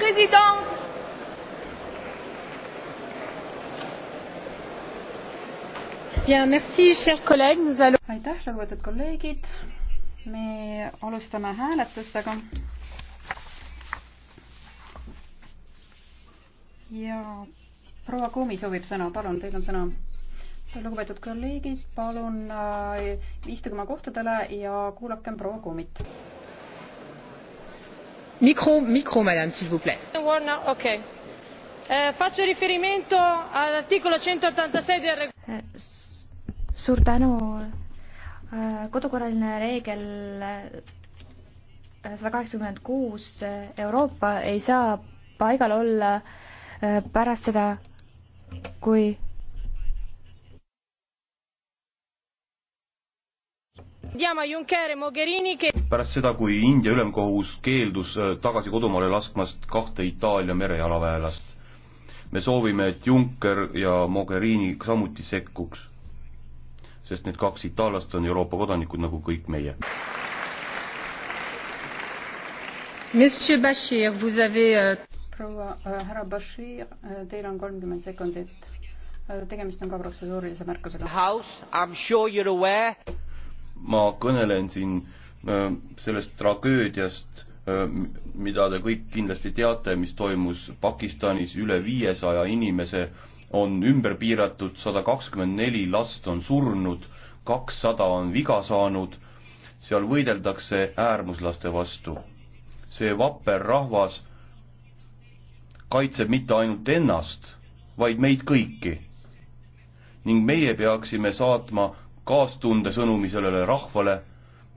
présidente. Bien, merci, chers collègues. Nous allons... aitäh, lugupeetud kolleegid. me alustame hääletustega. ja proua Koomi soovib sõna, palun, teil on sõna. lugupeetud kolleegid, palun äh, istuge oma kohtadele ja kuulakem proua Koomit. Micro, micro, madame, okay. eh, faccio riferimento all'articolo centottantasei del regolamento eh, suur tänu eh, kodukorraline reegel eh, sada kaheksakümmend kuus euroopa ei saa paigal olla pärast seda kui pärast seda, kui India ülemkohus keeldus äh, tagasi kodumaale laskmast kahte Itaalia merejalaväelast. me soovime, et Juncker ja Mogherini samuti sekkuks, sest need kaks itaallast on Euroopa kodanikud nagu kõik meie. Monsieur Bashir, vous avez äh, proua äh, härra Bashir, teil on kolmkümmend sekundit. tegemist on ka protseduurilise märkusega. House, I am sure you are aware ma kõnelen siin äh, sellest tragöödiast, äh, mida te kõik kindlasti teate, mis toimus Pakistanis, üle viiesaja inimese on ümber piiratud, sada kakskümmend neli last on surnud, kakssada on viga saanud, seal võideldakse äärmuslaste vastu. see vapper rahvas kaitseb mitte ainult ennast, vaid meid kõiki. ning meie peaksime saatma kaastunde sõnumi sellele rahvale,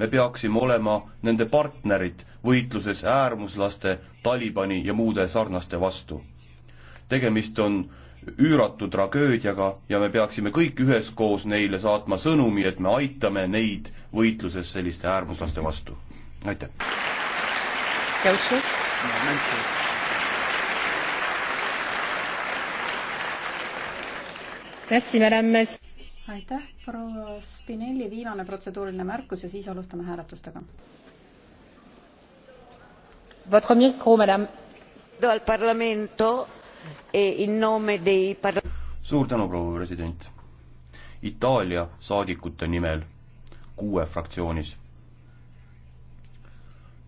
me peaksime olema nende partnerid võitluses äärmuslaste, Talibani ja muude sarnaste vastu. tegemist on üüratu tragöödiaga ja me peaksime kõik üheskoos neile saatma sõnumi, et me aitame neid võitluses selliste äärmuslaste vastu. aitäh. Merci, madame aitäh, proua Spinelli, viimane protseduuriline märkus ja siis alustame hääletustega. E suur tänu, proua president. Itaalia saadikute nimel kuue fraktsioonis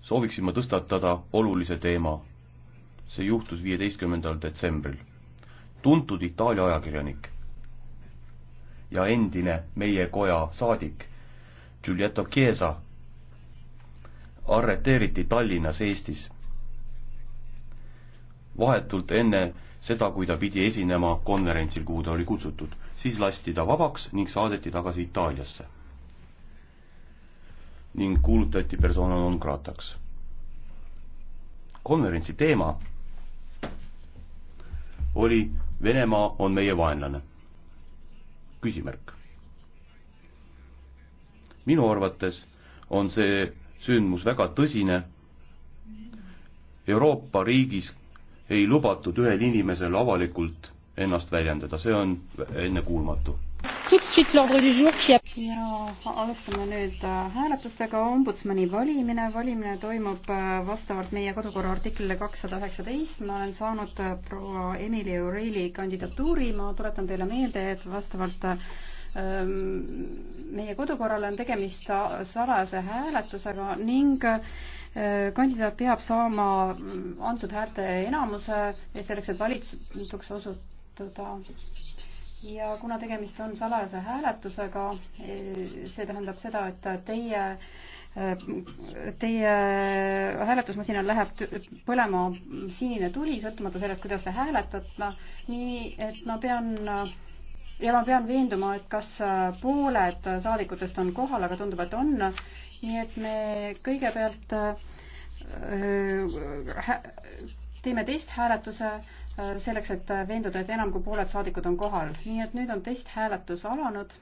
sooviksin ma tõstatada olulise teema. see juhtus viieteistkümnendal detsembril. tuntud Itaalia ajakirjanik ja endine meie koja saadik Giulietto Chiesa arreteeriti Tallinnas, Eestis. vahetult enne seda, kui ta pidi esinema konverentsil, kuhu ta oli kutsutud, siis lasti ta vabaks ning saadeti tagasi Itaaliasse. ning kuulutati persona non grataks. konverentsi teema oli Venemaa on meie vaenlane küsimärk. minu arvates on see sündmus väga tõsine. Euroopa riigis ei lubatud ühel inimesel avalikult ennast väljendada, see on ennekuulmatu ja alustame nüüd äh, hääletustega. ombudsmani valimine. valimine toimub äh, vastavalt meie kodukorra artiklile kakssada üheksateist. ma olen saanud äh, proua Emily O'Reilly kandidatuuri. ma tuletan teile meelde, et vastavalt ähm, meie kodukorrale on tegemist salajase hääletusega ning kandidaat peab saama mm, antud häälte enamuse selleks, et valituks osutuda ja kuna tegemist on salajase hääletusega, eh, see tähendab seda, et teie eh, Teie hääletusmasinal läheb põlema sinine tuli, sõltumata sellest, kuidas te hääletate, nii et ma pean ja ma pean veenduma, et kas pooled saadikutest on kohal, aga tundub, et on. nii et me kõigepealt eh, teeme testhääletuse Äh, selleks, et äh, veenduda, et enam kui pooled saadikud on kohal. nii et nüüd on testhääletus alanud.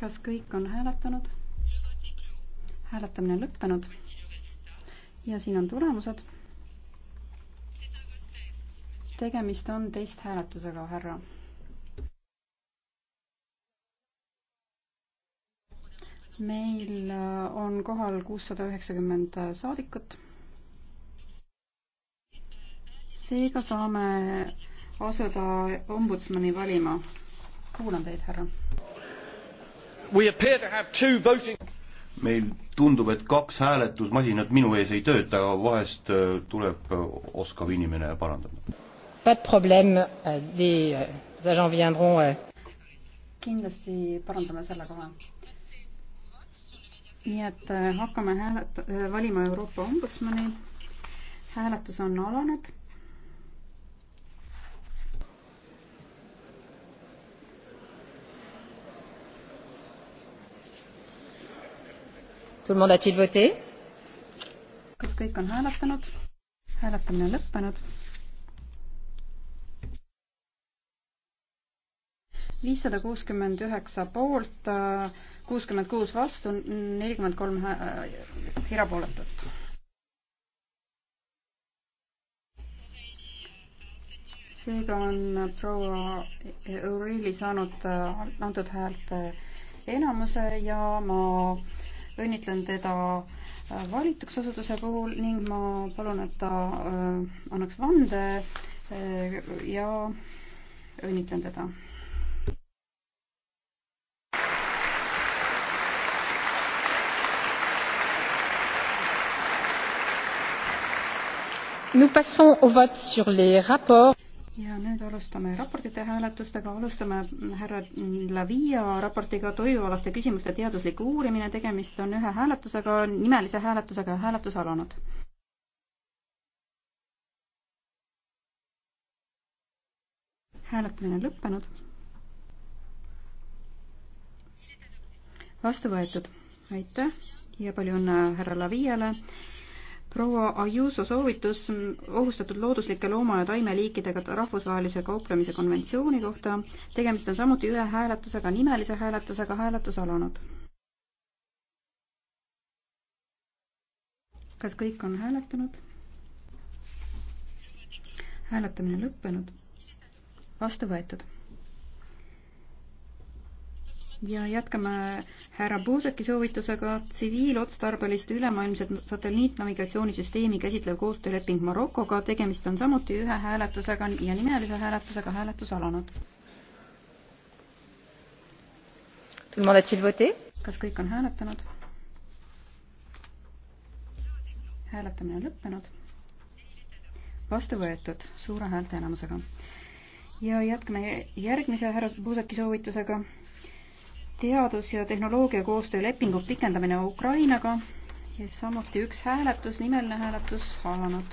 kas kõik on hääletanud? hääletamine on lõppenud. ja siin on tulemused. tegemist on testhääletusega, härra meil äh, on kohal kuussada üheksakümmend äh, saadikut. seega saame asuda ombudsmani valima. kuulan teid, härra. meil tundub, et kaks hääletusmasinat minu ees ei tööta, vahest äh, tuleb oskav inimene parandama. Pas de problème, euh, euh, des agents viendront. Euh. kindlasti parandame selle kohe nii et äh, hakkame hääleta-, äh, valima Euroopa ombudsmani. hääletus on alanud. kas kõik on hääletanud? hääletamine on lõppenud viissada kuuskümmend üheksa poolt, kuuskümmend kuus vastu, nelikümmend kolm äh, erapooletut. seega on proua Eurili saanud äh, antud häälte äh, enamuse ja ma õnnitlen teda valituks osutuse puhul ning ma palun, et ta annaks vande ja õnnitlen teda ja nüüd alustame raportite hääletustega, alustame härra Lavia raportiga toidualaste küsimuste teaduslik uurimine, tegemist on ühe hääletusega, nimelise hääletusega ja hääletus alanud. hääletamine on lõppenud. vastu võetud, aitäh ja palju õnne härra Laviale proua Ajuso soovitus ohustatud looduslike looma- ja taimeliikidega rahvusvahelise kauplemise konventsiooni kohta. tegemist on samuti ühe hääletusega, nimelise hääletusega, hääletus alanud. kas kõik on hääletanud? hääletamine lõppenud. vastu võetud ja jätkame härra Puuseki soovitusega tsiviilotstarbelist ülemaailmset satelliitnavigatsioonisüsteemi käsitlev koostööleping Marokoga. tegemist on samuti ühe hääletusega ja nimelise hääletusega hääletus alanud. kas kõik on hääletanud? hääletamine on lõppenud. vastu võetud suure häälteenamusega. ja jätkame järgmise härra Puuseki soovitusega teadus- ja tehnoloogiakoostöö lepingu pikendamine Ukrainaga ja samuti üks hääletus, nimeline hääletus alanud.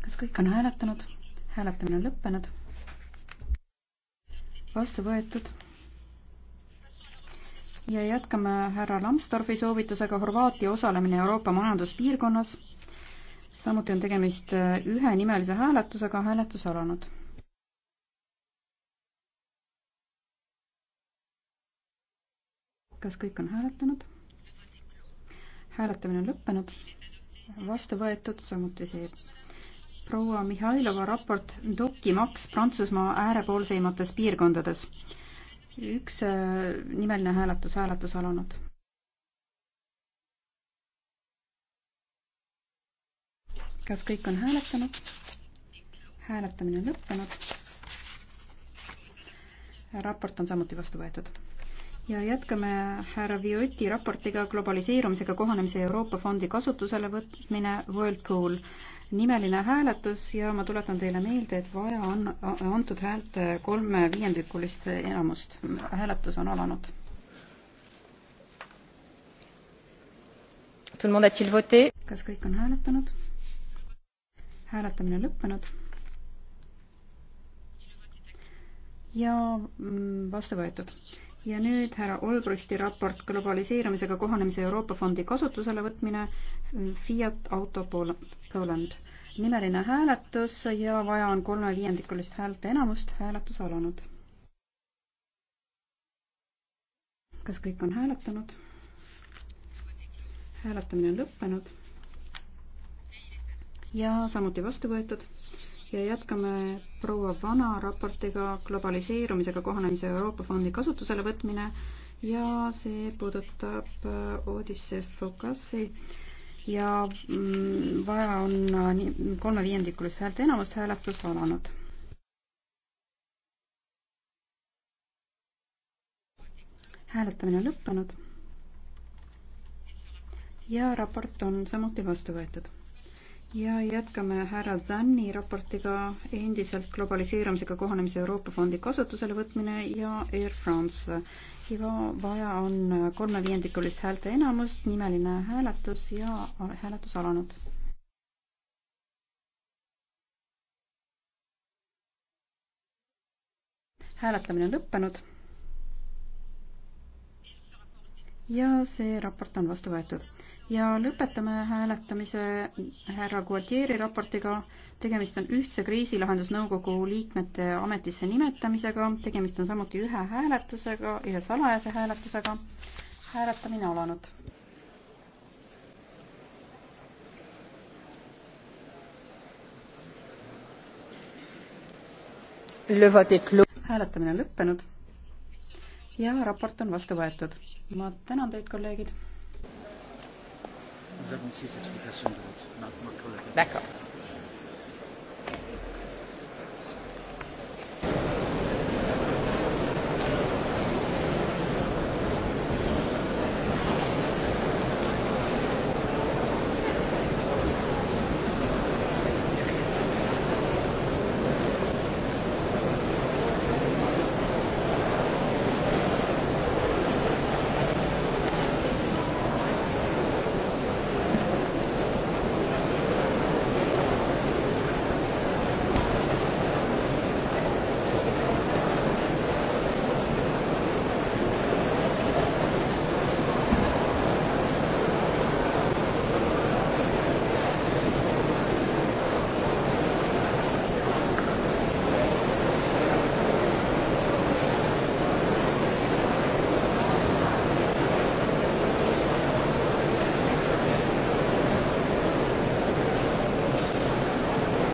kas kõik on hääletanud? hääletamine on lõppenud. vastu võetud ja jätkame härra Lambsdorfi soovitusega Horvaatia osalemine Euroopa Majanduspiirkonnas samuti on tegemist äh, ühenimelise hääletusega, hääletus alanud. kas kõik on hääletanud? hääletamine on lõppenud, vastu võetud, samuti see proua Mihhailova raport dokimaks Prantsusmaa äärepoolseimates piirkondades. üks äh, nimeline hääletus, hääletus alanud kas kõik on hääletanud? hääletamine on lõppenud. raport on samuti vastu võetud ja jätkame härra Vioti raportiga globaliseerumisega kohanemise Euroopa fondi kasutusele võtmine Whirlpool. nimeline hääletus ja ma tuletan teile meelde, et vaja on antud häält kolme viiendikulist enamust. hääletus on alanud. kas kõik on hääletanud? hääletamine on lõppenud. ja mm, vastu võetud. ja nüüd härra Olbrichti raport globaliseerumisega kohanemise Euroopa Fondi kasutusele võtmine mm, Fiat Auto Poland. nimeline hääletus ja vaja on kolmeviiendikulist häälte enamust, hääletus alanud. kas kõik on hääletanud? hääletamine on lõppenud ja samuti vastu võetud ja jätkame proua Vana raportiga globaliseerumisega kohanemise Euroopa Fondi kasutusele võtmine ja see puudutab äh, Odisse Fokassi ja mm, vaja on äh, kolmeviiendikulist häälte enamust hääletus alanud. hääletamine on lõppenud ja raport on samuti vastu võetud ja jätkame härra Zanni raportiga endiselt globaliseerumisega kohanemise Euroopa Fondi kasutusele võtmine ja Air France. ja vaja on kolmeviiendikulist häälte enamust, nimeline hääletus ja hääletus alanud. hääletamine on lõppenud. ja see raport on vastu võetud ja lõpetame hääletamise härra Gualtieri raportiga. tegemist on ühtse kriisilahendusnõukogu liikmete ametisse nimetamisega, tegemist on samuti ühe hääletusega, ühe salajase hääletusega. hääletamine alanud. hääletamine on lõppenud ja raport on vastu võetud. ma tänan teid, kolleegid Nous avons six explications de vote. Ma, ma collègue. D'accord.